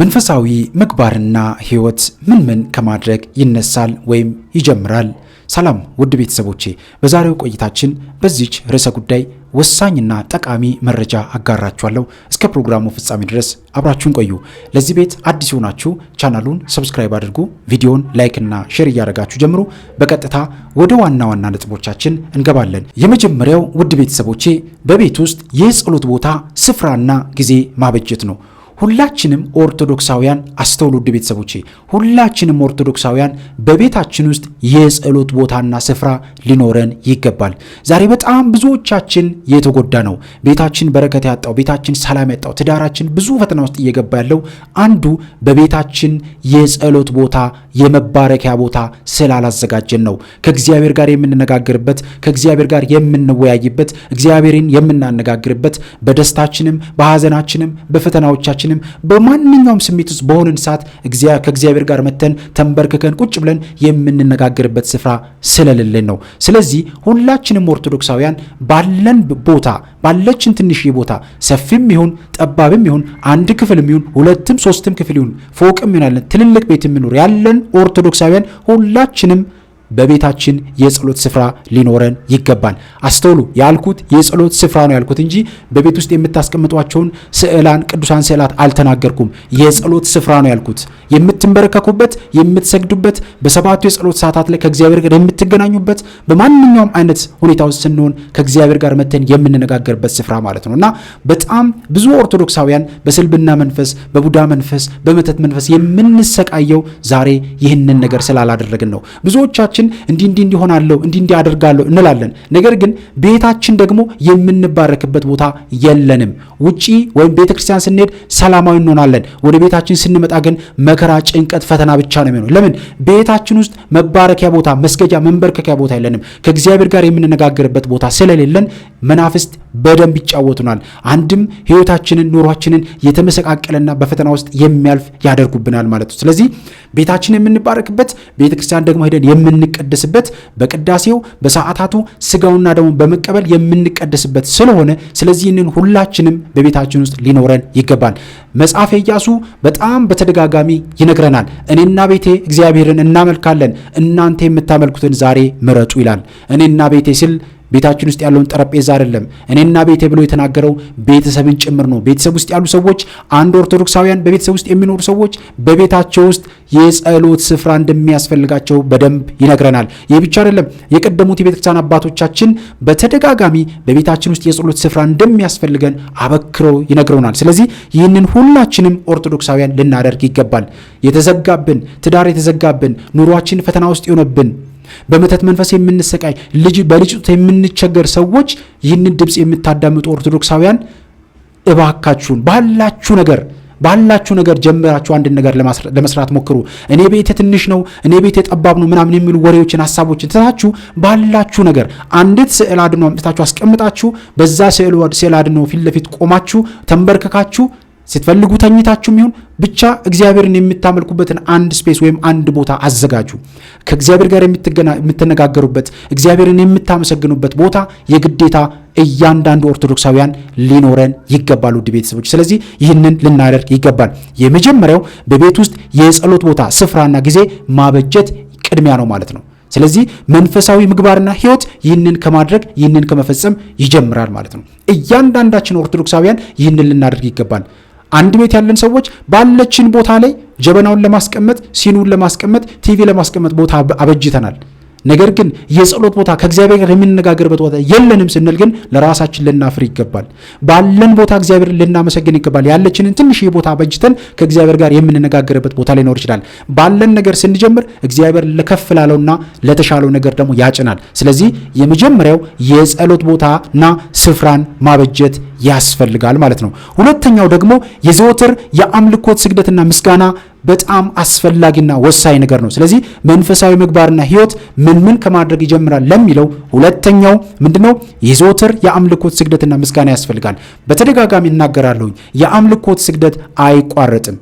መንፈሳዊ ምግባርና ህይወት ምን ምን ከማድረግ ይነሳል ወይም ይጀምራል? ሰላም ውድ ቤተሰቦቼ፣ በዛሬው ቆይታችን በዚች ርዕሰ ጉዳይ ወሳኝና ጠቃሚ መረጃ አጋራችኋለሁ። እስከ ፕሮግራሙ ፍጻሜ ድረስ አብራችሁን ቆዩ። ለዚህ ቤት አዲስ ሆናችሁ ቻናሉን ሰብስክራይብ አድርጉ፣ ቪዲዮን ላይክና ሼር እያደረጋችሁ ጀምሩ። በቀጥታ ወደ ዋና ዋና ነጥቦቻችን እንገባለን። የመጀመሪያው ውድ ቤተሰቦቼ፣ በቤት ውስጥ የጸሎት ቦታ ስፍራና ጊዜ ማበጀት ነው። ሁላችንም ኦርቶዶክሳውያን አስተውሉድ ቤተሰቦች ቤተሰቦቼ፣ ሁላችንም ኦርቶዶክሳውያን በቤታችን ውስጥ የጸሎት ቦታና ስፍራ ሊኖረን ይገባል። ዛሬ በጣም ብዙዎቻችን የተጎዳ ነው። ቤታችን በረከት ያጣው፣ ቤታችን ሰላም ያጣው፣ ትዳራችን ብዙ ፈተና ውስጥ እየገባ ያለው አንዱ በቤታችን የጸሎት ቦታ የመባረኪያ ቦታ ስላላዘጋጀን ነው። ከእግዚአብሔር ጋር የምንነጋገርበት፣ ከእግዚአብሔር ጋር የምንወያይበት፣ እግዚአብሔርን የምናነጋግርበት በደስታችንም በሐዘናችንም በፈተናዎቻችንም በማንኛውም ስሜት ውስጥ በሆንን ሰዓት ከእግዚአብሔር ጋር መተን ተንበርክከን ቁጭ ብለን የምንነጋገርበት ስፍራ ስለሌለን ነው። ስለዚህ ሁላችንም ኦርቶዶክሳውያን ባለን ቦታ ባለችን ትንሽዬ ቦታ ሰፊም ይሁን ጠባብም ይሁን አንድ ክፍልም ይሁን ሁለትም ሶስትም ክፍል ይሁን ፎቅም ይሁን ያለን ትልልቅ ቤት የምኖር ያለን ኦርቶዶክሳውያን ሁላችንም በቤታችን የጸሎት ስፍራ ሊኖረን ይገባል። አስተውሉ፣ ያልኩት የጸሎት ስፍራ ነው ያልኩት እንጂ በቤት ውስጥ የምታስቀምጧቸውን ስዕላን ቅዱሳን ስዕላት አልተናገርኩም። የጸሎት ስፍራ ነው ያልኩት። የምትንበረከኩበት፣ የምትሰግዱበት፣ በሰባቱ የጸሎት ሰዓታት ላይ ከእግዚአብሔር ጋር የምትገናኙበት፣ በማንኛውም አይነት ሁኔታ ውስጥ ስንሆን ከእግዚአብሔር ጋር መተን የምንነጋገርበት ስፍራ ማለት ነው እና በጣም ብዙ ኦርቶዶክሳውያን በስልብና መንፈስ፣ በቡዳ መንፈስ፣ በመተት መንፈስ የምንሰቃየው ዛሬ ይህንን ነገር ስላላደረግን ነው። ብዙዎቻችን እንዲህ እንዲህ እንዲሆናለሁ እንዲህ እንዲህ አደርጋለሁ እንላለን። ነገር ግን ቤታችን ደግሞ የምንባረክበት ቦታ የለንም። ውጪ ወይም ቤተክርስቲያን ስንሄድ ሰላማዊ እንሆናለን። ወደ ቤታችን ስንመጣ ግን መከራ፣ ጭንቀት፣ ፈተና ብቻ ነው የሚሆነው። ለምን ቤታችን ውስጥ መባረኪያ ቦታ፣ መስገጃ፣ መንበርከኪያ ቦታ የለንም። ከእግዚአብሔር ጋር የምንነጋገርበት ቦታ ስለሌለን መናፍስት በደንብ ይጫወቱናል። አንድም ህይወታችንን፣ ኑሯችንን የተመሰቃቀለና በፈተና ውስጥ የሚያልፍ ያደርጉብናል ማለት ነው። ስለዚህ ቤታችን የምንባረክበት ቤተ ክርስቲያን ደግሞ ሄደን የምንቀደስበት በቅዳሴው በሰዓታቱ ስጋውና ደግሞ በመቀበል የምንቀደስበት ስለሆነ ስለዚህ ይህንን ሁላችንም በቤታችን ውስጥ ሊኖረን ይገባል። መጽሐፈ ኢያሱ በጣም በተደጋጋሚ ይነግረናል። ይነግረናል። እኔና ቤቴ እግዚአብሔርን እናመልካለን፣ እናንተ የምታመልኩትን ዛሬ ምረጡ ይላል። እኔና ቤቴ ሲል ቤታችን ውስጥ ያለውን ጠረጴዛ አይደለም እኔና ቤቴ ብሎ የተናገረው ቤተሰብን ጭምር ነው። ቤተሰብ ውስጥ ያሉ ሰዎች አንድ ኦርቶዶክሳውያን በቤተሰብ ውስጥ የሚኖሩ ሰዎች በቤታቸው ውስጥ የጸሎት ስፍራ እንደሚያስፈልጋቸው በደንብ ይነግረናል። ይህ ብቻ አይደለም። የቀደሙት የቤተክርስቲያን አባቶቻችን በተደጋጋሚ በቤታችን ውስጥ የጸሎት ስፍራ እንደሚያስፈልገን አበክረው ይነግረውናል። ስለዚህ ይህንን ሁላችንም ኦርቶዶክሳውያን ልናደርግ ይገባል። የተዘጋብን ትዳር የተዘጋብን ኑሯችን ፈተና ውስጥ የሆነብን በመተት መንፈስ የምንሰቃይ ልጅ በልጅ የምንቸገር ሰዎች ይህንን ድምፅ የምታዳምጡ ኦርቶዶክሳውያን እባካችሁን ባላችሁ ነገር ባላችሁ ነገር ጀምራችሁ አንድን ነገር ለመስራት ሞክሩ። እኔ ቤቴ ትንሽ ነው፣ እኔ ቤቴ ጠባብ ነው ምናምን የሚሉ ወሬዎችን፣ ሀሳቦችን ትታችሁ ባላችሁ ነገር አንዲት ስዕል አድኖ አምጥታችሁ አስቀምጣችሁ በዛ ስዕል አድኖ ፊት ለፊት ቆማችሁ ተንበርክካችሁ ስትፈልጉ ተኝታችሁም ይሁን ብቻ እግዚአብሔርን የምታመልኩበትን አንድ ስፔስ ወይም አንድ ቦታ አዘጋጁ። ከእግዚአብሔር ጋር የምትነጋገሩበት እግዚአብሔርን የምታመሰግኑበት ቦታ የግዴታ እያንዳንዱ ኦርቶዶክሳውያን ሊኖረን ይገባል፣ ውድ ቤተሰቦች። ስለዚህ ይህንን ልናደርግ ይገባል። የመጀመሪያው በቤት ውስጥ የጸሎት ቦታ ስፍራና ጊዜ ማበጀት ቅድሚያ ነው ማለት ነው። ስለዚህ መንፈሳዊ ምግባርና ሕይወት ይህንን ከማድረግ ይህንን ከመፈጸም ይጀምራል ማለት ነው። እያንዳንዳችን ኦርቶዶክሳውያን ይህንን ልናደርግ ይገባል። አንድ ቤት ያለን ሰዎች ባለችን ቦታ ላይ ጀበናውን ለማስቀመጥ ሲኑን ለማስቀመጥ ቲቪ ለማስቀመጥ ቦታ አበጅተናል። ነገር ግን የጸሎት ቦታ ከእግዚአብሔር ጋር የምንነጋገርበት ቦታ የለንም ስንል ግን ለራሳችን ልናፍር ይገባል። ባለን ቦታ እግዚአብሔር ልናመሰግን ይገባል። ያለችንን ትንሽ ቦታ በጅተን ከእግዚአብሔር ጋር የምንነጋገርበት ቦታ ሊኖር ይችላል። ባለን ነገር ስንጀምር እግዚአብሔር ለከፍ ላለውና ለተሻለው ነገር ደግሞ ያጭናል። ስለዚህ የመጀመሪያው የጸሎት ቦታና ስፍራን ማበጀት ያስፈልጋል ማለት ነው። ሁለተኛው ደግሞ የዘወትር የአምልኮት ስግደትና ምስጋና በጣም አስፈላጊና ወሳኝ ነገር ነው። ስለዚህ መንፈሳዊ ምግባርና ህይወት ምን ምን ከማድረግ ይጀምራል ለሚለው ሁለተኛው ምንድነው? የዘወትር የአምልኮት ስግደትና ምስጋና ያስፈልጋል። በተደጋጋሚ እናገራለሁኝ፣ የአምልኮት ስግደት አይቋረጥም።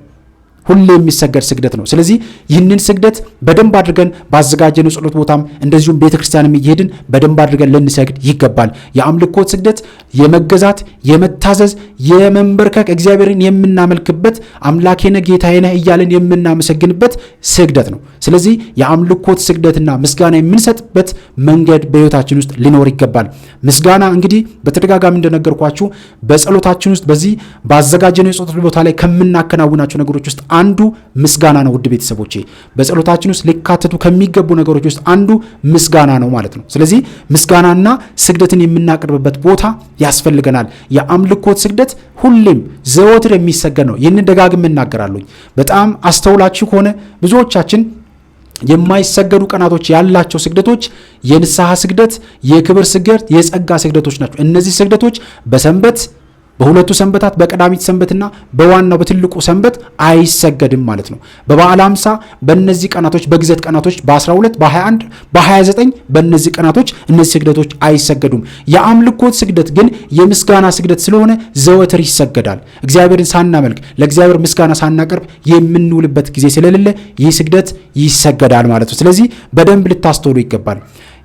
ሁሌ የሚሰገድ ስግደት ነው። ስለዚህ ይህንን ስግደት በደንብ አድርገን ባዘጋጀን ጸሎት ቦታም እንደዚሁም ቤተ ክርስቲያንም እየሄድን በደንብ አድርገን ልንሰግድ ይገባል። የአምልኮት ስግደት የመገዛት የመታዘዝ፣ የመንበርከክ እግዚአብሔርን የምናመልክበት አምላኬነ ጌታዬነ እያለን የምናመሰግንበት ስግደት ነው። ስለዚህ የአምልኮት ስግደትና ምስጋና የምንሰጥበት መንገድ በሕይወታችን ውስጥ ሊኖር ይገባል። ምስጋና እንግዲህ በተደጋጋሚ እንደነገርኳችሁ በጸሎታችን ውስጥ በዚህ ባዘጋጀነው የጸሎት ቦታ ላይ ከምናከናውናቸው ነገሮች ውስጥ አንዱ ምስጋና ነው። ውድ ቤተሰቦቼ በጸሎታችን ውስጥ ሊካተቱ ከሚገቡ ነገሮች ውስጥ አንዱ ምስጋና ነው ማለት ነው። ስለዚህ ምስጋናና ስግደትን የምናቀርብበት ቦታ ያስፈልገናል። የአምልኮት ስግደት ሁሌም ዘወትር የሚሰገድ ነው። ይህንን ደጋግም እናገራለሁ። በጣም አስተውላችሁ ከሆነ ብዙዎቻችን የማይሰገዱ ቀናቶች ያላቸው ስግደቶች የንስሐ ስግደት፣ የክብር ስግደት፣ የጸጋ ስግደቶች ናቸው። እነዚህ ስግደቶች በሰንበት በሁለቱ ሰንበታት በቀዳሚት ሰንበትና በዋናው በትልቁ ሰንበት አይሰገድም ማለት ነው። በበዓለ ሃምሳ በእነዚህ ቀናቶች በግዘት ቀናቶች በ12 በ21 በ29 በእነዚህ ቀናቶች እነዚህ ስግደቶች አይሰገዱም። የአምልኮት ስግደት ግን የምስጋና ስግደት ስለሆነ ዘወትር ይሰገዳል። እግዚአብሔርን ሳናመልክ ለእግዚአብሔር ምስጋና ሳናቀርብ የምንውልበት ጊዜ ስለሌለ ይህ ስግደት ይሰገዳል ማለት ነው። ስለዚህ በደንብ ልታስተውሉ ይገባል።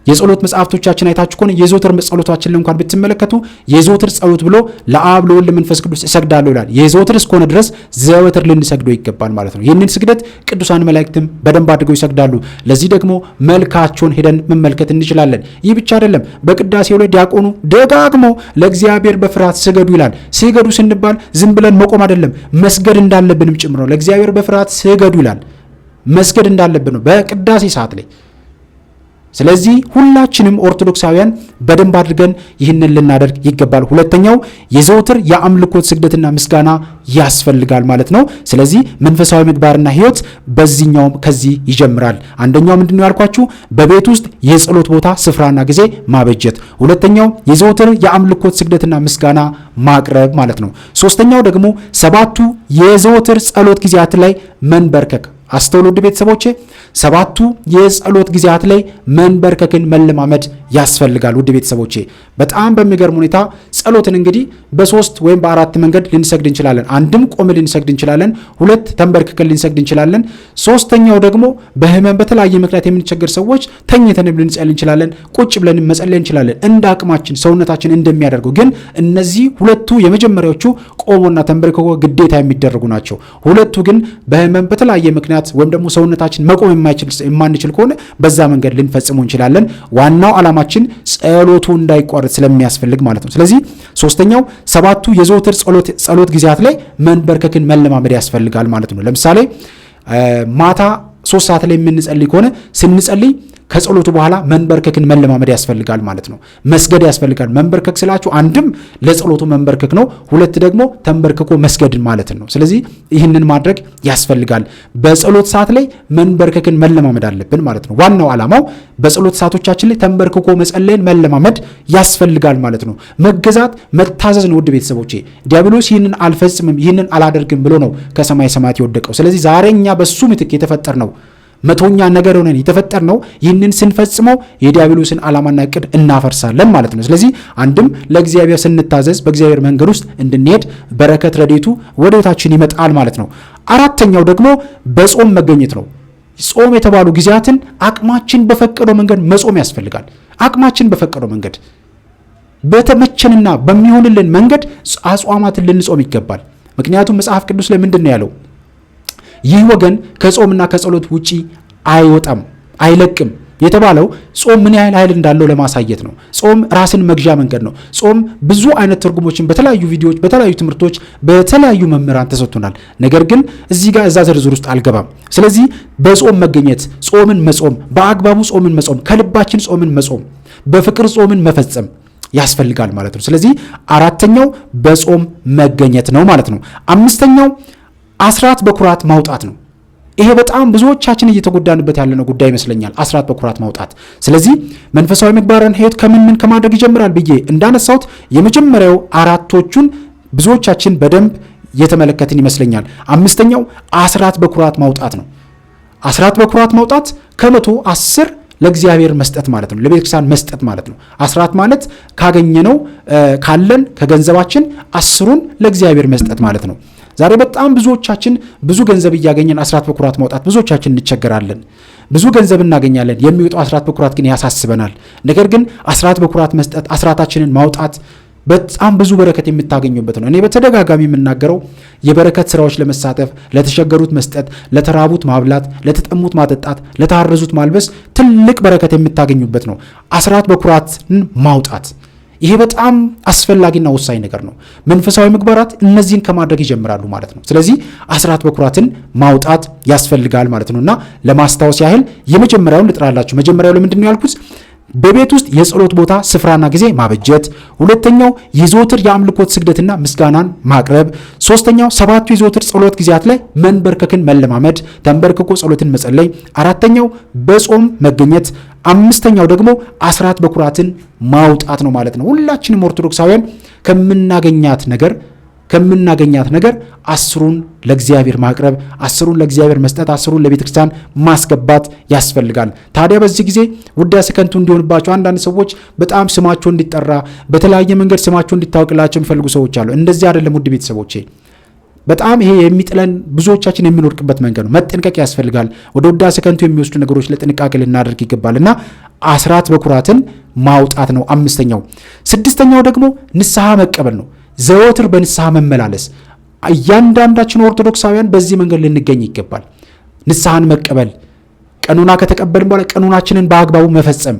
የጸሎት መጽሐፍቶቻችን አይታችሁ ከሆነ የዘወትር ጸሎታችንን እንኳን ብትመለከቱ የዘወትር ጸሎት ብሎ ለአብ ለወልድ ለመንፈስ ቅዱስ እሰግዳለሁ ይላል። የዘወትር እስከሆነ ድረስ ዘወትር ልንሰግዶ ይገባል ማለት ነው። ይህንን ስግደት ቅዱሳን መላእክትም በደንብ አድርገው ይሰግዳሉ። ለዚህ ደግሞ መልካቸውን ሄደን መመልከት እንችላለን። ይህ ብቻ አይደለም። በቅዳሴው ላይ ዲያቆኑ ደጋግሞ ለእግዚአብሔር በፍርሃት ስገዱ ይላል። ስገዱ ስንባል ዝም ብለን መቆም አይደለም፣ መስገድ እንዳለብንም ጭምር ነው። ለእግዚአብሔር በፍርሃት ስገዱ ይላል። መስገድ እንዳለብን ነው በቅዳሴ ሰዓት ላይ ስለዚህ ሁላችንም ኦርቶዶክሳውያን በደንብ አድርገን ይህንን ልናደርግ ይገባል። ሁለተኛው የዘውትር የአምልኮት ስግደትና ምስጋና ያስፈልጋል ማለት ነው። ስለዚህ መንፈሳዊ ምግባርና ሕይወት በዚህኛውም ከዚህ ይጀምራል። አንደኛው ምንድን ነው ያልኳችሁ በቤት ውስጥ የጸሎት ቦታ ስፍራና ጊዜ ማበጀት፣ ሁለተኛው የዘውትር የአምልኮት ስግደትና ምስጋና ማቅረብ ማለት ነው። ሶስተኛው ደግሞ ሰባቱ የዘውትር ጸሎት ጊዜያት ላይ መንበርከክ አስተውሉ ውድ ቤተሰቦቼ፣ ሰባቱ የጸሎት ጊዜያት ላይ መንበርከክን መለማመድ ያስፈልጋል። ውድ ቤተሰቦቼ፣ በጣም በሚገርም ሁኔታ ጸሎትን እንግዲህ በሶስት ወይም በአራት መንገድ ልንሰግድ እንችላለን። አንድም ቆም ልንሰግድ እንችላለን። ሁለት ተንበርክከን ልንሰግድ እንችላለን። ሶስተኛው ደግሞ በህመም በተለያየ ምክንያት የምንቸገር ሰዎች ተኝተንም ልንጸል እንችላለን። ቁጭ ብለንም መጸለይ እንችላለን። እንደ አቅማችን ሰውነታችን እንደሚያደርገው ግን እነዚህ ሁለቱ የመጀመሪያዎቹ ቆሞና ተንበርክኮ ግዴታ የሚደረጉ ናቸው። ሁለቱ ግን በህመም በተለያየ ምክንያት ወይም ደግሞ ሰውነታችን መቆም የማንችል ከሆነ በዛ መንገድ ልንፈጽሙ እንችላለን። ዋናው ዓላማችን ጸሎቱ እንዳይቋረጥ ስለሚያስፈልግ ማለት ነው። ስለዚህ ሶስተኛው ሰባቱ የዘወትር ጸሎት ጊዜያት ላይ መንበርከክን መለማመድ ያስፈልጋል ማለት ነው። ለምሳሌ ማታ ሶስት ሰዓት ላይ የምንጸልይ ከሆነ ስንጸልይ ከጸሎቱ በኋላ መንበርከክን መለማመድ ያስፈልጋል ማለት ነው። መስገድ ያስፈልጋል። መንበርከክ ስላችሁ አንድም ለጸሎቱ መንበርከክ ነው፣ ሁለት ደግሞ ተንበርክኮ መስገድን ማለት ነው። ስለዚህ ይህንን ማድረግ ያስፈልጋል። በጸሎት ሰዓት ላይ መንበርከክን መለማመድ አለብን ማለት ነው። ዋናው ዓላማው በጸሎት ሰዓቶቻችን ላይ ተንበርክኮ መጸለይን መለማመድ ያስፈልጋል ማለት ነው። መገዛት መታዘዝ ነው። ውድ ቤተሰቦቼ ዲያብሎስ ይህንን አልፈጽምም ይህንን አላደርግም ብሎ ነው ከሰማይ ሰማያት የወደቀው። ስለዚህ ዛሬ እኛ በሱ ምትክ የተፈጠር ነው መቶኛ ነገር ሆነን የተፈጠር ነው። ይህንን ስንፈጽመው የዲያብሎስን ዓላማና እቅድ እናፈርሳለን ማለት ነው። ስለዚህ አንድም ለእግዚአብሔር ስንታዘዝ በእግዚአብሔር መንገድ ውስጥ እንድንሄድ በረከት ረዴቱ ወደ ቤታችን ይመጣል ማለት ነው። አራተኛው ደግሞ በጾም መገኘት ነው። ጾም የተባሉ ጊዜያትን አቅማችን በፈቀደው መንገድ መጾም ያስፈልጋል። አቅማችን በፈቀደው መንገድ በተመቸንና በሚሆንልን መንገድ አጽዋማትን ልንጾም ይገባል። ምክንያቱም መጽሐፍ ቅዱስ ላይ ነው ያለው? ይህ ወገን ከጾምና ከጸሎት ውጪ አይወጣም፣ አይለቅም የተባለው ጾም ምን ያህል ኃይል እንዳለው ለማሳየት ነው። ጾም ራስን መግዣ መንገድ ነው። ጾም ብዙ አይነት ትርጉሞችን በተለያዩ ቪዲዮዎች፣ በተለያዩ ትምህርቶች፣ በተለያዩ መምህራን ተሰጥቶናል። ነገር ግን እዚህ ጋር እዛ ዝርዝር ውስጥ አልገባም። ስለዚህ በጾም መገኘት፣ ጾምን መጾም፣ በአግባቡ ጾምን መጾም፣ ከልባችን ጾምን መጾም፣ በፍቅር ጾምን መፈጸም ያስፈልጋል ማለት ነው። ስለዚህ አራተኛው በጾም መገኘት ነው ማለት ነው። አምስተኛው አስራት በኩራት ማውጣት ነው። ይሄ በጣም ብዙዎቻችን እየተጎዳንበት ያለነው ጉዳይ ይመስለኛል፣ አስራት በኩራት ማውጣት። ስለዚህ መንፈሳዊ ምግባርን ህይወት ከምን ምን ከማድረግ ይጀምራል ብዬ እንዳነሳሁት የመጀመሪያው አራቶቹን ብዙዎቻችን በደንብ የተመለከትን ይመስለኛል። አምስተኛው አስራት በኩራት ማውጣት ነው። አስራት በኩራት ማውጣት ከመቶ አስር ለእግዚአብሔር መስጠት ማለት ነው። ለቤተክርስቲያን መስጠት ማለት ነው። አስራት ማለት ካገኘነው ካለን ከገንዘባችን አስሩን ለእግዚአብሔር መስጠት ማለት ነው። ዛሬ በጣም ብዙዎቻችን ብዙ ገንዘብ እያገኘን አስራት በኩራት ማውጣት ብዙዎቻችን እንቸገራለን። ብዙ ገንዘብ እናገኛለን፣ የሚወጣው አስራት በኩራት ግን ያሳስበናል። ነገር ግን አስራት በኩራት መስጠት፣ አስራታችንን ማውጣት በጣም ብዙ በረከት የምታገኙበት ነው። እኔ በተደጋጋሚ የምናገረው የበረከት ስራዎች ለመሳተፍ ለተቸገሩት መስጠት፣ ለተራቡት ማብላት፣ ለተጠሙት ማጠጣት፣ ለታረዙት ማልበስ ትልቅ በረከት የምታገኙበት ነው። አስራት በኩራትን ማውጣት ይሄ በጣም አስፈላጊና ወሳኝ ነገር ነው። መንፈሳዊ ምግባራት እነዚህን ከማድረግ ይጀምራሉ ማለት ነው። ስለዚህ አስራት በኩራትን ማውጣት ያስፈልጋል ማለት ነው እና ለማስታወስ ያህል የመጀመሪያውን ልጥራላችሁ። መጀመሪያው ለምንድን ነው ያልኩት? በቤት ውስጥ የጸሎት ቦታ ስፍራና ጊዜ ማበጀት። ሁለተኛው የዘወትር የአምልኮት ስግደትና ምስጋናን ማቅረብ። ሶስተኛው ሰባቱ የዘወትር ጸሎት ጊዜያት ላይ መንበርከክን መለማመድ፣ ተንበርክኮ ጸሎትን መጸለይ። አራተኛው በጾም መገኘት። አምስተኛው ደግሞ አስራት በኩራትን ማውጣት ነው ማለት ነው። ሁላችንም ኦርቶዶክሳውያን ከምናገኛት ነገር ከምናገኛት ነገር አስሩን ለእግዚአብሔር ማቅረብ፣ አስሩን ለእግዚአብሔር መስጠት፣ አስሩን ለቤተ ክርስቲያን ማስገባት ያስፈልጋል። ታዲያ በዚህ ጊዜ ውዳሴ ከንቱ እንዲሆንባቸው አንዳንድ ሰዎች በጣም ስማቸው እንዲጠራ በተለያየ መንገድ ስማቸው እንዲታወቅላቸው የሚፈልጉ ሰዎች አሉ። እንደዚህ አይደለም ውድ ቤተሰቦቼ። በጣም ይሄ የሚጥለን ብዙዎቻችን የምንወድቅበት መንገድ ነው። መጠንቀቅ ያስፈልጋል። ወደ ውዳሴ ከንቱ የሚወስዱ ነገሮች ለጥንቃቄ ልናደርግ ይገባል እና አስራት በኩራትን ማውጣት ነው አምስተኛው። ስድስተኛው ደግሞ ንስሐ መቀበል ነው። ዘወትር በንስሐ መመላለስ እያንዳንዳችን ኦርቶዶክሳውያን በዚህ መንገድ ልንገኝ ይገባል። ንስሐን መቀበል፣ ቀኖና ከተቀበልን በኋላ ቀኖናችንን በአግባቡ መፈጸም።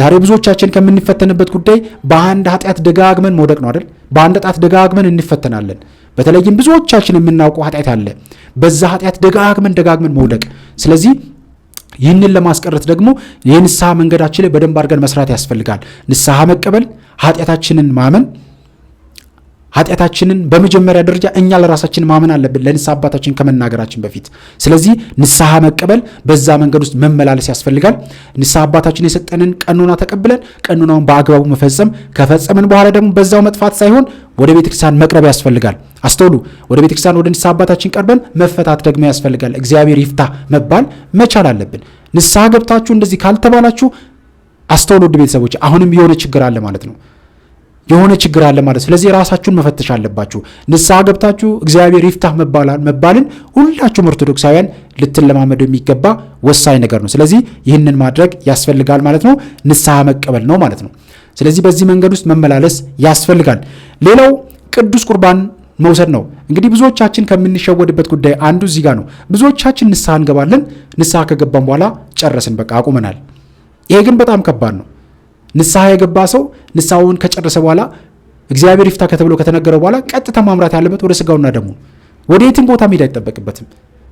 ዛሬ ብዙዎቻችን ከምንፈተንበት ጉዳይ በአንድ ኃጢአት ደጋግመን መውደቅ ነው አይደል? በአንድ ጣት ደጋግመን እንፈተናለን። በተለይም ብዙዎቻችን የምናውቀው ኃጢአት አለ። በዛ ኃጢአት ደጋግመን ደጋግመን መውደቅ። ስለዚህ ይህንን ለማስቀረት ደግሞ የንስሐ መንገዳችን ላይ በደንብ አድርገን መስራት ያስፈልጋል። ንስሐ መቀበል፣ ኃጢአታችንን ማመን ኃጢአታችንን በመጀመሪያ ደረጃ እኛ ለራሳችን ማመን አለብን ለንስሐ አባታችን ከመናገራችን በፊት። ስለዚህ ንስሐ መቀበል በዛ መንገድ ውስጥ መመላለስ ያስፈልጋል። ንስሐ አባታችን የሰጠንን ቀኖና ተቀብለን ቀኖናውን በአግባቡ መፈጸም ከፈጸምን በኋላ ደግሞ በዛው መጥፋት ሳይሆን ወደ ቤተክርስቲያን መቅረብ ያስፈልጋል። አስተውሉ። ወደ ቤተክርስቲያን ወደ ንስሐ አባታችን ቀርበን መፈታት ደግሞ ያስፈልጋል። እግዚአብሔር ይፍታ መባል መቻል አለብን። ንስሐ ገብታችሁ እንደዚህ ካልተባላችሁ አስተውሉ፣ ውድ ቤተሰቦች፣ አሁንም የሆነ ችግር አለ ማለት ነው። የሆነ ችግር አለ ማለት። ስለዚህ ራሳችሁን መፈተሽ አለባችሁ። ንስሐ ገብታችሁ እግዚአብሔር ይፍታህ መባልን ሁላችሁም ኦርቶዶክሳውያን ልትለማመዱ የሚገባ ወሳኝ ነገር ነው። ስለዚህ ይህንን ማድረግ ያስፈልጋል ማለት ነው። ንስሐ መቀበል ነው ማለት ነው። ስለዚህ በዚህ መንገድ ውስጥ መመላለስ ያስፈልጋል። ሌላው ቅዱስ ቁርባን መውሰድ ነው። እንግዲህ ብዙዎቻችን ከምንሸወድበት ጉዳይ አንዱ እዚህ ጋር ነው። ብዙዎቻችን ንስሐ እንገባለን። ንስሐ ከገባን በኋላ ጨረስን፣ በቃ አቁመናል። ይሄ ግን በጣም ከባድ ነው። ንስሐ የገባ ሰው ንሳውን ከጨረሰ በኋላ እግዚአብሔር ይፍታ ከተብሎ ከተነገረ በኋላ ቀጥታ ማምራት ያለበት ወደ ስጋውና ደሙ ወደ የትም ቦታ መሄድ አይጠበቅበትም።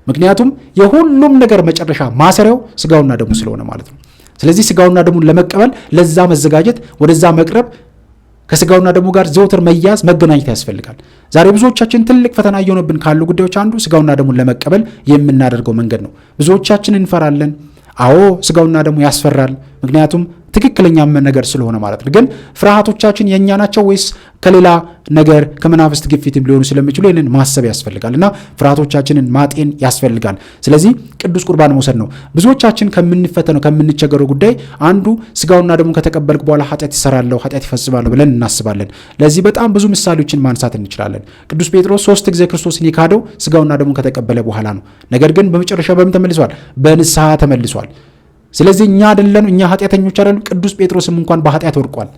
ምክንያቱም የሁሉም ነገር መጨረሻ ማሰሪያው ስጋውና ደሙ ስለሆነ ማለት ነው። ስለዚህ ስጋውና ደሙን ለመቀበል ለዛ መዘጋጀት፣ ወደዛ መቅረብ፣ ከስጋውና ደሙ ጋር ዘውትር መያዝ መገናኘት ያስፈልጋል። ዛሬ ብዙዎቻችን ትልቅ ፈተና እየሆነብን ካሉ ጉዳዮች አንዱ ስጋውና ደሙን ለመቀበል የምናደርገው መንገድ ነው። ብዙዎቻችን እንፈራለን። አዎ ስጋውና ደሙ ያስፈራል። ምክንያቱም ትክክለኛ ነገር ስለሆነ ማለት ነው። ግን ፍርሃቶቻችን የእኛ ናቸው ወይስ ከሌላ ነገር ከመናፍስት ግፊትም ሊሆኑ ስለሚችሉ ይህንን ማሰብ ያስፈልጋል እና ፍርሃቶቻችንን ማጤን ያስፈልጋል። ስለዚህ ቅዱስ ቁርባን መውሰድ ነው። ብዙዎቻችን ከምንፈተነው ከምንቸገረው ጉዳይ አንዱ ስጋውና ደግሞ ከተቀበልክ በኋላ ኃጢአት ይሰራለሁ፣ ኃጢአት ይፈጽማለሁ ብለን እናስባለን። ለዚህ በጣም ብዙ ምሳሌዎችን ማንሳት እንችላለን። ቅዱስ ጴጥሮስ ሶስት ጊዜ ክርስቶስን የካደው ስጋውና ደግሞ ከተቀበለ በኋላ ነው። ነገር ግን በመጨረሻ በምን ተመልሷል? በንስሐ ተመልሷል። ስለዚህ እኛ አይደለን እኛ ኃጢአተኞች አደለን። ቅዱስ ጴጥሮስም እንኳን በኃጢአት ወድቋል።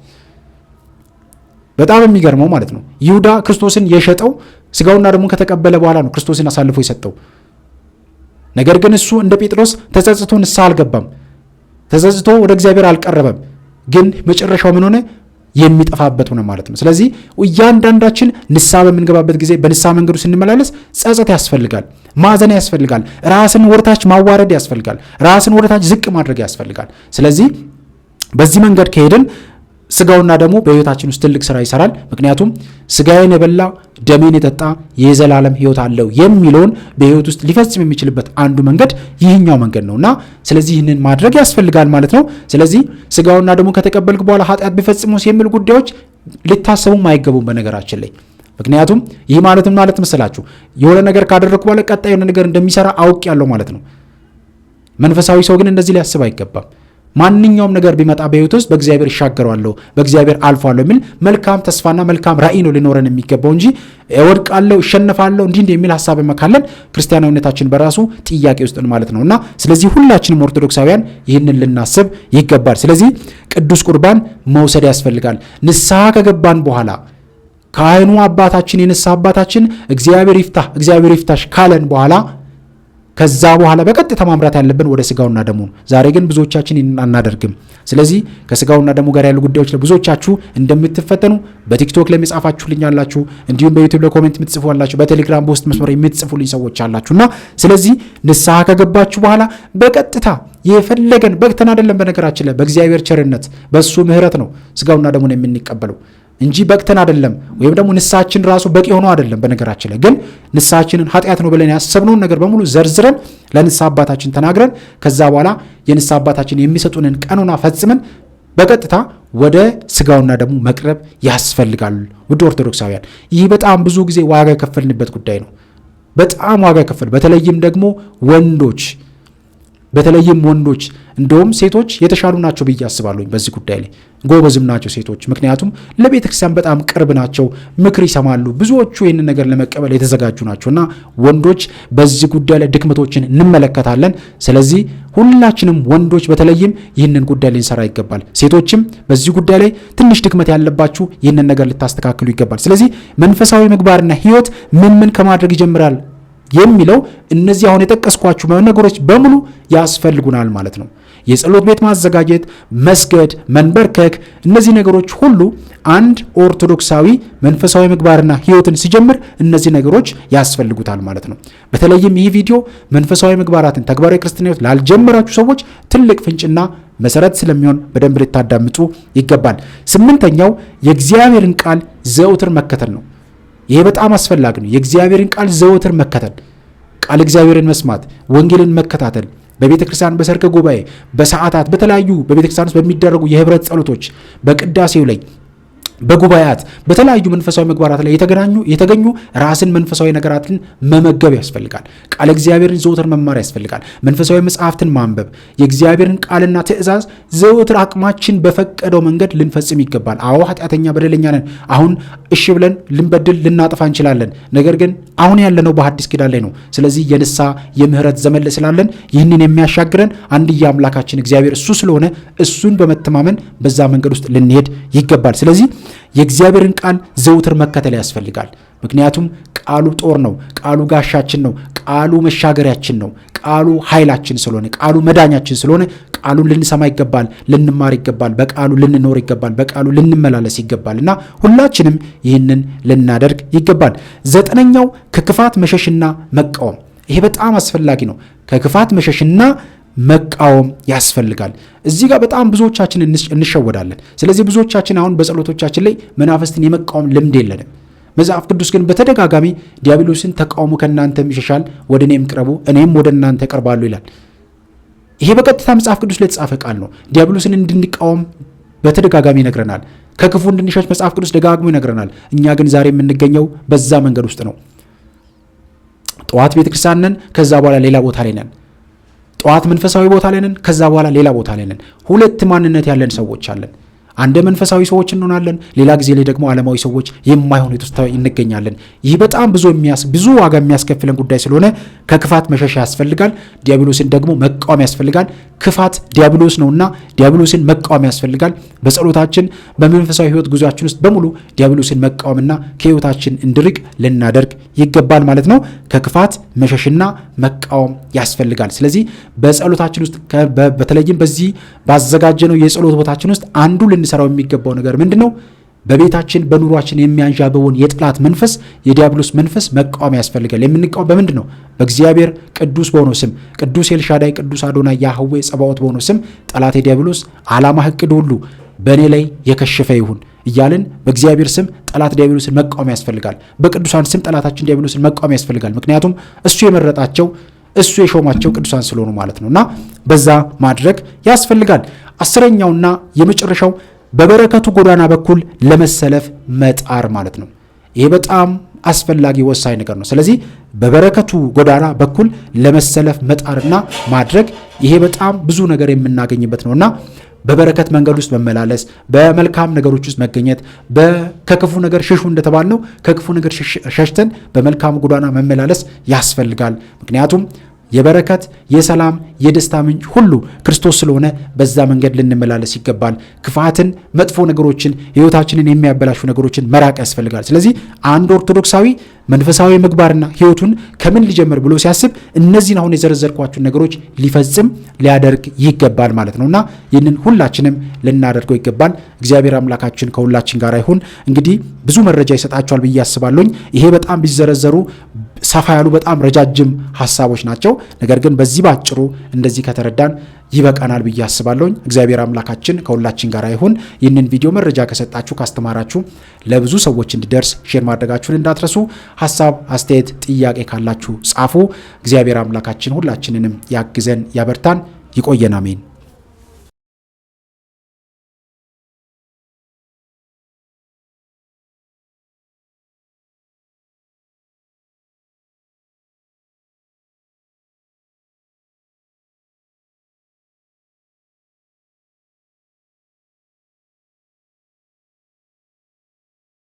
በጣም የሚገርመው ማለት ነው ይሁዳ ክርስቶስን የሸጠው ስጋውና ደግሞ ከተቀበለ በኋላ ነው ክርስቶስን አሳልፎ የሰጠው። ነገር ግን እሱ እንደ ጴጥሮስ ተጸጽቶ ንስሐ አልገባም። ተጸጽቶ ወደ እግዚአብሔር አልቀረበም። ግን መጨረሻው ምን ሆነ? የሚጠፋበት ሆነ ማለት ነው። ስለዚህ እያንዳንዳችን ንስሐ በምንገባበት ጊዜ በንስሐ መንገዱ ስንመላለስ ጸጸት ያስፈልጋል፣ ማዘን ያስፈልጋል፣ ራስን ወርታች ማዋረድ ያስፈልጋል፣ ራስን ወርታች ዝቅ ማድረግ ያስፈልጋል። ስለዚህ በዚህ መንገድ ከሄድን ስጋውና ደግሞ በህይወታችን ውስጥ ትልቅ ስራ ይሰራል። ምክንያቱም ስጋዬን የበላ ደሜን የጠጣ የዘላለም ህይወት አለው የሚለውን በህይወት ውስጥ ሊፈጽም የሚችልበት አንዱ መንገድ ይህኛው መንገድ ነው እና ስለዚህ ይህንን ማድረግ ያስፈልጋል ማለት ነው። ስለዚህ ስጋውና ደግሞ ከተቀበልክ በኋላ ኃጢአት ቢፈጽሙስ የሚል ጉዳዮች ሊታሰቡም አይገቡም በነገራችን ላይ ምክንያቱም ይህ ማለትም ማለት መሰላችሁ የሆነ ነገር ካደረግኩ በኋላ ቀጣይ የሆነ ነገር እንደሚሰራ አውቅ ያለው ማለት ነው። መንፈሳዊ ሰው ግን እንደዚህ ሊያስብ አይገባም። ማንኛውም ነገር ቢመጣ በህይወት ውስጥ በእግዚአብሔር ይሻገረዋለሁ፣ በእግዚአብሔር አልፏለሁ የሚል መልካም ተስፋና መልካም ራዕይ ነው ሊኖረን የሚገባው እንጂ እወድቃለሁ፣ እሸነፋለሁ እንዲህ እንዲህ የሚል ሀሳብ መካለን ክርስቲያናዊነታችን በራሱ ጥያቄ ውስጥ ማለት ነው እና ስለዚህ ሁላችንም ኦርቶዶክሳውያን ይህንን ልናስብ ይገባል። ስለዚህ ቅዱስ ቁርባን መውሰድ ያስፈልጋል። ንስሐ ከገባን በኋላ ካህኑ አባታችን የንስሐ አባታችን እግዚአብሔር ይፍታህ እግዚአብሔር ይፍታሽ ካለን በኋላ ከዛ በኋላ በቀጥታ ማምራት ያለብን ወደ ስጋውና ደሙ ነው። ዛሬ ግን ብዙዎቻችን ይህንን አናደርግም። ስለዚህ ከስጋውና ደሙ ጋር ያሉ ጉዳዮች ለብዙዎቻችሁ እንደምትፈተኑ በቲክቶክ ላይ የጻፋችሁልኝ አላችሁ፣ እንዲሁም በዩቲዩብ ላይ ኮሜንት የምትጽፉ አላችሁ፣ በቴሌግራም በውስጥ መስመር የምትጽፉልኝ ሰዎች አላችሁ እና ስለዚህ ንስሐ ከገባችሁ በኋላ በቀጥታ የፈለገን በቅተን አይደለም፣ በነገራችን ላይ በእግዚአብሔር ቸርነት በእሱ ምሕረት ነው ስጋውና ደሙን የምንቀበለው። እንጂ በቅተን አይደለም ወይም ደግሞ ንስሐችን ራሱ በቂ ሆኖ አይደለም። በነገራችን ላይ ግን ንስሐችንን ኃጢአት ነው ብለን ያሰብነውን ነገር በሙሉ ዘርዝረን ለንስሐ አባታችን ተናግረን ከዛ በኋላ የንስሐ አባታችን የሚሰጡንን ቀኖና ፈጽመን በቀጥታ ወደ ስጋውና ደግሞ መቅረብ ያስፈልጋል። ውድ ኦርቶዶክሳውያን ይህ በጣም ብዙ ጊዜ ዋጋ የከፈልንበት ጉዳይ ነው። በጣም ዋጋ የከፈል በተለይም ደግሞ ወንዶች በተለይም ወንዶች እንደውም ሴቶች የተሻሉ ናቸው ብዬ አስባለሁኝ በዚህ ጉዳይ ላይ ጎበዝም ናቸው ሴቶች። ምክንያቱም ለቤተ ክርስቲያን በጣም ቅርብ ናቸው፣ ምክር ይሰማሉ። ብዙዎቹ ይህንን ነገር ለመቀበል የተዘጋጁ ናቸው እና ወንዶች በዚህ ጉዳይ ላይ ድክመቶችን እንመለከታለን። ስለዚህ ሁላችንም ወንዶች በተለይም ይህንን ጉዳይ ልንሰራ ይገባል። ሴቶችም በዚህ ጉዳይ ላይ ትንሽ ድክመት ያለባችሁ ይህንን ነገር ልታስተካክሉ ይገባል። ስለዚህ መንፈሳዊ ምግባርና ህይወት ምን ምን ከማድረግ ይጀምራል የሚለው እነዚህ አሁን የጠቀስኳችሁ ነገሮች በሙሉ ያስፈልጉናል ማለት ነው። የጸሎት ቤት ማዘጋጀት፣ መስገድ፣ መንበርከክ፣ እነዚህ ነገሮች ሁሉ አንድ ኦርቶዶክሳዊ መንፈሳዊ ምግባርና ህይወትን ሲጀምር እነዚህ ነገሮች ያስፈልጉታል ማለት ነው። በተለይም ይህ ቪዲዮ መንፈሳዊ ምግባራትን ተግባራዊ ክርስትና ህይወት ላልጀመራችሁ ሰዎች ትልቅ ፍንጭና መሰረት ስለሚሆን በደንብ ልታዳምጡ ይገባል። ስምንተኛው የእግዚአብሔርን ቃል ዘውትር መከተል ነው። ይሄ በጣም አስፈላጊ ነው። የእግዚአብሔርን ቃል ዘወትር መከተል፣ ቃል እግዚአብሔርን መስማት፣ ወንጌልን መከታተል በቤተ ክርስቲያን በሰርክ ጉባኤ፣ በሰዓታት፣ በተለያዩ በቤተ ክርስቲያን ውስጥ በሚደረጉ የህብረት ጸሎቶች፣ በቅዳሴው ላይ በጉባኤያት በተለያዩ መንፈሳዊ ምግባራት ላይ የተገናኙ የተገኙ ራስን መንፈሳዊ ነገራትን መመገብ ያስፈልጋል። ቃለ እግዚአብሔርን ዘውትር መማር ያስፈልጋል። መንፈሳዊ መጽሐፍትን ማንበብ፣ የእግዚአብሔርን ቃልና ትእዛዝ ዘውትር አቅማችን በፈቀደው መንገድ ልንፈጽም ይገባል። አዎ ኃጢአተኛ በደለኛ ነን። አሁን እሺ ብለን ልንበድል ልናጥፋ እንችላለን። ነገር ግን አሁን ያለነው በሐዲስ ኪዳን ላይ ነው። ስለዚህ የንሳ የምህረት ዘመን ስላለን ይህንን የሚያሻግረን አንድያ አምላካችን እግዚአብሔር እሱ ስለሆነ እሱን በመተማመን በዛ መንገድ ውስጥ ልንሄድ ይገባል። ስለዚህ የእግዚአብሔርን ቃል ዘውትር መከተል ያስፈልጋል። ምክንያቱም ቃሉ ጦር ነው፣ ቃሉ ጋሻችን ነው፣ ቃሉ መሻገሪያችን ነው፣ ቃሉ ኃይላችን ስለሆነ፣ ቃሉ መዳኛችን ስለሆነ ቃሉን ልንሰማ ይገባል፣ ልንማር ይገባል፣ በቃሉ ልንኖር ይገባል፣ በቃሉ ልንመላለስ ይገባል እና ሁላችንም ይህንን ልናደርግ ይገባል። ዘጠነኛው ከክፋት መሸሽና መቃወም። ይሄ በጣም አስፈላጊ ነው። ከክፋት መሸሽና መቃወም ያስፈልጋል። እዚህ ጋር በጣም ብዙዎቻችን እንሸወዳለን። ስለዚህ ብዙዎቻችን አሁን በጸሎቶቻችን ላይ መናፍስትን የመቃወም ልምድ የለንም። መጽሐፍ ቅዱስ ግን በተደጋጋሚ ዲያብሎስን ተቃውሞ ከእናንተም ይሸሻል፣ ወደ እኔም ቅረቡ፣ እኔም ወደ እናንተ ቀርባሉ ይላል። ይሄ በቀጥታ መጽሐፍ ቅዱስ ላይ የተጻፈ ቃል ነው። ዲያብሎስን እንድንቃወም በተደጋጋሚ ይነግረናል። ከክፉ እንድንሸሽ መጽሐፍ ቅዱስ ደጋግሞ ይነግረናል። እኛ ግን ዛሬ የምንገኘው በዛ መንገድ ውስጥ ነው። ጠዋት ቤተክርስቲያን ነን፣ ከዛ በኋላ ሌላ ቦታ ላይ ነን። ጠዋት መንፈሳዊ ቦታ ላይ ነን፣ ከዛ በኋላ ሌላ ቦታ ላይ ነን። ሁለት ማንነት ያለን ሰዎች አለን። አንድ መንፈሳዊ ሰዎች እንሆናለን፣ ሌላ ጊዜ ላይ ደግሞ ዓለማዊ ሰዎች የማይሆኑ ውስጥ እንገኛለን። ይህ በጣም ብዙ ብዙ ዋጋ የሚያስከፍለን ጉዳይ ስለሆነ ከክፋት መሸሻ ያስፈልጋል። ዲያብሎስን ደግሞ መቃወም ያስፈልጋል። ክፋት ዲያብሎስ ነውና ዲያብሎስን መቃወም ያስፈልጋል። በጸሎታችን በመንፈሳዊ ህይወት ጉዟችን ውስጥ በሙሉ ዲያብሎስን መቃወምና ከህይወታችን እንድርቅ ልናደርግ ይገባል ማለት ነው። ከክፋት መሸሽና መቃወም ያስፈልጋል። ስለዚህ በጸሎታችን ውስጥ በተለይም በዚህ ባዘጋጀነው የጸሎት ቦታችን ውስጥ አንዱ ልንሰራው የሚገባው ነገር ምንድን ነው? በቤታችን በኑሯችን የሚያንዣበውን የጥላት መንፈስ የዲያብሎስ መንፈስ መቃወም ያስፈልጋል። የምንቃወም በምንድን ነው? በእግዚአብሔር ቅዱስ በሆነው ስም ቅዱስ ኤልሻዳይ፣ ቅዱስ አዶና ያህዌ ጸባዖት በሆነው ስም ጠላት የዲያብሎስ ዓላማ እቅድ ሁሉ በእኔ ላይ የከሸፈ ይሁን እያልን በእግዚአብሔር ስም ጠላት ዲያብሎስን መቃወም ያስፈልጋል። በቅዱሳን ስም ጠላታችን ዲያብሎስን መቃወም ያስፈልጋል። ምክንያቱም እሱ የመረጣቸው እሱ የሾማቸው ቅዱሳን ስለሆኑ ማለት ነው እና በዛ ማድረግ ያስፈልጋል። አስረኛውና የመጨረሻው በበረከቱ ጎዳና በኩል ለመሰለፍ መጣር ማለት ነው። ይሄ በጣም አስፈላጊ ወሳኝ ነገር ነው። ስለዚህ በበረከቱ ጎዳና በኩል ለመሰለፍ መጣርና ማድረግ ይሄ በጣም ብዙ ነገር የምናገኝበት ነውና በበረከት መንገድ ውስጥ መመላለስ፣ በመልካም ነገሮች ውስጥ መገኘት፣ ከክፉ ነገር ሽሹ እንደተባልነው ከክፉ ነገር ሸሽተን በመልካም ጎዳና መመላለስ ያስፈልጋል። ምክንያቱም የበረከት የሰላም የደስታ ምንጭ ሁሉ ክርስቶስ ስለሆነ በዛ መንገድ ልንመላለስ ይገባል። ክፋትን፣ መጥፎ ነገሮችን፣ ህይወታችንን የሚያበላሹ ነገሮችን መራቅ ያስፈልጋል። ስለዚህ አንድ ኦርቶዶክሳዊ መንፈሳዊ ምግባርና ህይወቱን ከምን ሊጀምር ብሎ ሲያስብ እነዚህን አሁን የዘረዘርኳቸውን ነገሮች ሊፈጽም ሊያደርግ ይገባል ማለት ነው እና ይህንን ሁላችንም ልናደርገው ይገባል። እግዚአብሔር አምላካችን ከሁላችን ጋር ይሁን። እንግዲህ ብዙ መረጃ ይሰጣቸዋል ብዬ አስባለሁኝ። ይሄ በጣም ቢዘረዘሩ ሰፋ ያሉ በጣም ረጃጅም ሀሳቦች ናቸው። ነገር ግን በዚህ ባጭሩ እንደዚህ ከተረዳን ይበቃናል ብዬ አስባለሁኝ። እግዚአብሔር አምላካችን ከሁላችን ጋር ይሁን። ይህንን ቪዲዮ መረጃ ከሰጣችሁ ካስተማራችሁ ለብዙ ሰዎች እንዲደርስ ሼር ማድረጋችሁን እንዳትረሱ። ሀሳብ፣ አስተያየት፣ ጥያቄ ካላችሁ ጻፉ። እግዚአብሔር አምላካችን ሁላችንንም ያግዘን፣ ያበርታን። ይቆየን። አሜን።